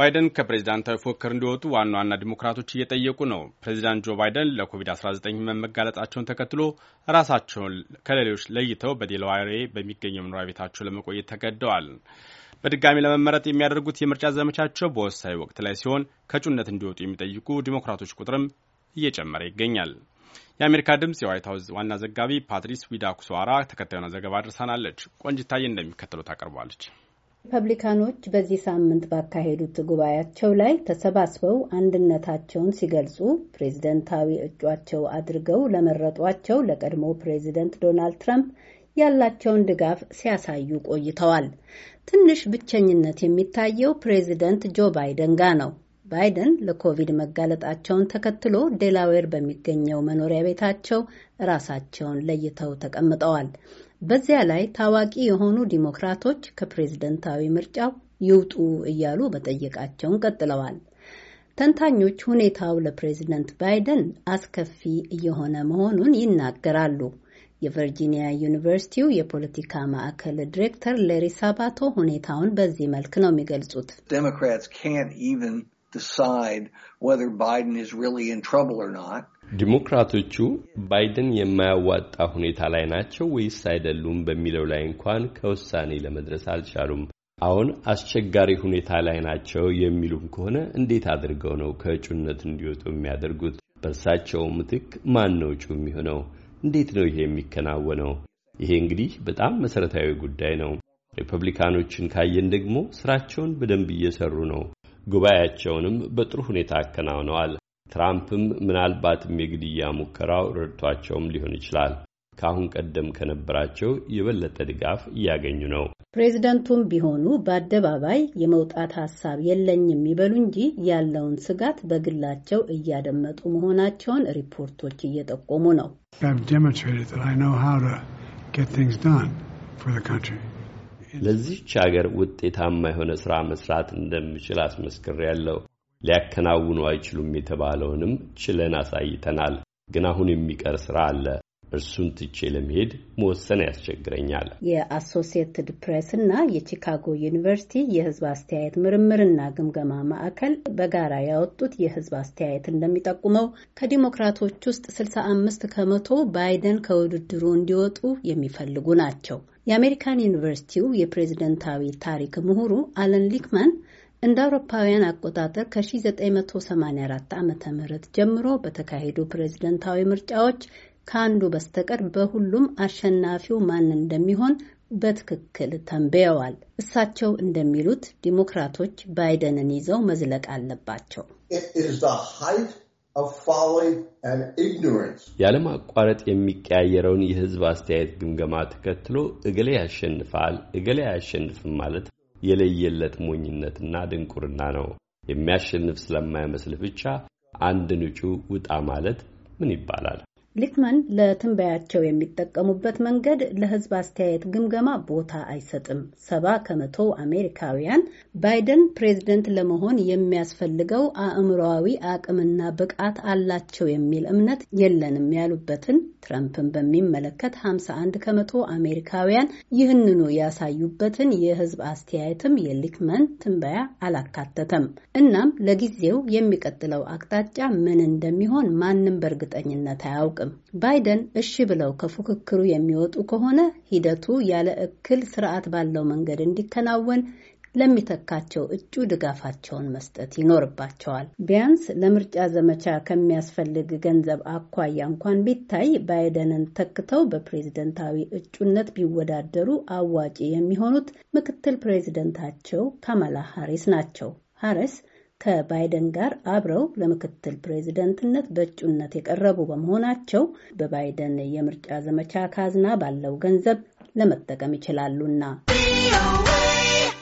ባይደን ከፕሬዚዳንታዊ ፉክክር እንዲወጡ ዋና ዋና ዲሞክራቶች እየጠየቁ ነው። ፕሬዚዳንት ጆ ባይደን ለኮቪድ-19 መመጋለጣቸውን ተከትሎ ራሳቸውን ከሌሎች ለይተው በዴላዋሬ በሚገኘው መኖሪያ ቤታቸው ለመቆየት ተገደዋል። በድጋሚ ለመመረጥ የሚያደርጉት የምርጫ ዘመቻቸው በወሳኝ ወቅት ላይ ሲሆን ከእጩነት እንዲወጡ የሚጠይቁ ዲሞክራቶች ቁጥርም እየጨመረ ይገኛል። የአሜሪካ ድምፅ የዋይት ሀውስ ዋና ዘጋቢ ፓትሪስ ዊዳኩስዋራ ተከታዩን ዘገባ አድርሳናለች። ቆንጅታዬ እንደሚከተለው ታቀርቧለች። ሪፐብሊካኖች በዚህ ሳምንት ባካሄዱት ጉባኤያቸው ላይ ተሰባስበው አንድነታቸውን ሲገልጹ ፕሬዝደንታዊ እጩአቸው አድርገው ለመረጧቸው ለቀድሞ ፕሬዝደንት ዶናልድ ትራምፕ ያላቸውን ድጋፍ ሲያሳዩ ቆይተዋል። ትንሽ ብቸኝነት የሚታየው ፕሬዝደንት ጆ ባይደን ጋ ነው። ባይደን ለኮቪድ መጋለጣቸውን ተከትሎ ዴላዌር በሚገኘው መኖሪያ ቤታቸው ራሳቸውን ለይተው ተቀምጠዋል። በዚያ ላይ ታዋቂ የሆኑ ዲሞክራቶች ከፕሬዝደንታዊ ምርጫው ይውጡ እያሉ መጠየቃቸውን ቀጥለዋል። ተንታኞች ሁኔታው ለፕሬዝደንት ባይደን አስከፊ እየሆነ መሆኑን ይናገራሉ። የቨርጂኒያ ዩኒቨርሲቲው የፖለቲካ ማዕከል ዲሬክተር ሌሪ ሳባቶ ሁኔታውን በዚህ መልክ ነው የሚገልጹት። decide whether Biden is really in trouble or not. ዲሞክራቶቹ ባይደን የማያዋጣ ሁኔታ ላይ ናቸው ወይስ አይደሉም በሚለው ላይ እንኳን ከውሳኔ ለመድረስ አልቻሉም። አሁን አስቸጋሪ ሁኔታ ላይ ናቸው የሚሉም ከሆነ እንዴት አድርገው ነው ከእጩነት እንዲወጡ የሚያደርጉት? በእርሳቸው ምትክ ማን ነው እጩ የሚሆነው? እንዴት ነው ይሄ የሚከናወነው? ይሄ እንግዲህ በጣም መሰረታዊ ጉዳይ ነው። ሪፐብሊካኖችን ካየን ደግሞ ስራቸውን በደንብ እየሰሩ ነው። ጉባኤያቸውንም በጥሩ ሁኔታ አከናውነዋል። ትራምፕም ምናልባትም የግድያ ሙከራው ረድቷቸውም ሊሆን ይችላል ከአሁን ቀደም ከነበራቸው የበለጠ ድጋፍ እያገኙ ነው። ፕሬዚደንቱም ቢሆኑ በአደባባይ የመውጣት ሀሳብ የለኝም የሚበሉ እንጂ ያለውን ስጋት በግላቸው እያደመጡ መሆናቸውን ሪፖርቶች እየጠቆሙ ነው። ለዚች ሀገር ውጤታማ የሆነ ስራ መስራት እንደምችል አስመስክር ያለው ሊያከናውኑ አይችሉም የተባለውንም ችለን አሳይተናል። ግን አሁን የሚቀር ስራ አለ። እርሱን ትቼ ለመሄድ መወሰን ያስቸግረኛል። የአሶሲየትድ ፕሬስ እና የቺካጎ ዩኒቨርሲቲ የሕዝብ አስተያየት ምርምርና ግምገማ ማዕከል በጋራ ያወጡት የሕዝብ አስተያየት እንደሚጠቁመው ከዲሞክራቶች ውስጥ 65 ከመቶ ባይደን ከውድድሩ እንዲወጡ የሚፈልጉ ናቸው። የአሜሪካን ዩኒቨርሲቲው የፕሬዝደንታዊ ታሪክ ምሁሩ አለን ሊክማን እንደ አውሮፓውያን አቆጣጠር ከ1984 ዓ ም ጀምሮ በተካሄዱ ፕሬዝደንታዊ ምርጫዎች ከአንዱ በስተቀር በሁሉም አሸናፊው ማን እንደሚሆን በትክክል ተንብየዋል። እሳቸው እንደሚሉት ዲሞክራቶች ባይደንን ይዘው መዝለቅ አለባቸው። ያለማቋረጥ የሚቀያየረውን የሕዝብ አስተያየት ግምገማ ተከትሎ እገሌ ያሸንፋል፣ እገሌ አያሸንፍም ማለት የለየለት ሞኝነትና ድንቁርና ነው። የሚያሸንፍ ስለማይመስል ብቻ አንድን እጩ ውጣ ማለት ምን ይባላል? ሊክመን ለትንበያቸው የሚጠቀሙበት መንገድ ለሕዝብ አስተያየት ግምገማ ቦታ አይሰጥም። ሰባ ከመቶ አሜሪካውያን ባይደን ፕሬዝደንት ለመሆን የሚያስፈልገው አእምሮዊ አቅምና ብቃት አላቸው የሚል እምነት የለንም ያሉበትን ትረምፕን በሚመለከት 51 ከመቶ አሜሪካውያን ይህንኑ ያሳዩበትን የሕዝብ አስተያየትም የሊክመን ትንበያ አላካተተም። እናም ለጊዜው የሚቀጥለው አቅጣጫ ምን እንደሚሆን ማንም በእርግጠኝነት አያውቅም። አይጠብቅም። ባይደን እሺ ብለው ከፉክክሩ የሚወጡ ከሆነ ሂደቱ ያለ እክል ስርዓት ባለው መንገድ እንዲከናወን ለሚተካቸው እጩ ድጋፋቸውን መስጠት ይኖርባቸዋል። ቢያንስ ለምርጫ ዘመቻ ከሚያስፈልግ ገንዘብ አኳያ እንኳን ቢታይ ባይደንን ተክተው በፕሬዝደንታዊ እጩነት ቢወዳደሩ አዋጪ የሚሆኑት ምክትል ፕሬዝደንታቸው ካማላ ሃሪስ ናቸው። ሀሪስ ከባይደን ጋር አብረው ለምክትል ፕሬዚደንትነት በእጩነት የቀረቡ በመሆናቸው በባይደን የምርጫ ዘመቻ ካዝና ባለው ገንዘብ ለመጠቀም ይችላሉና።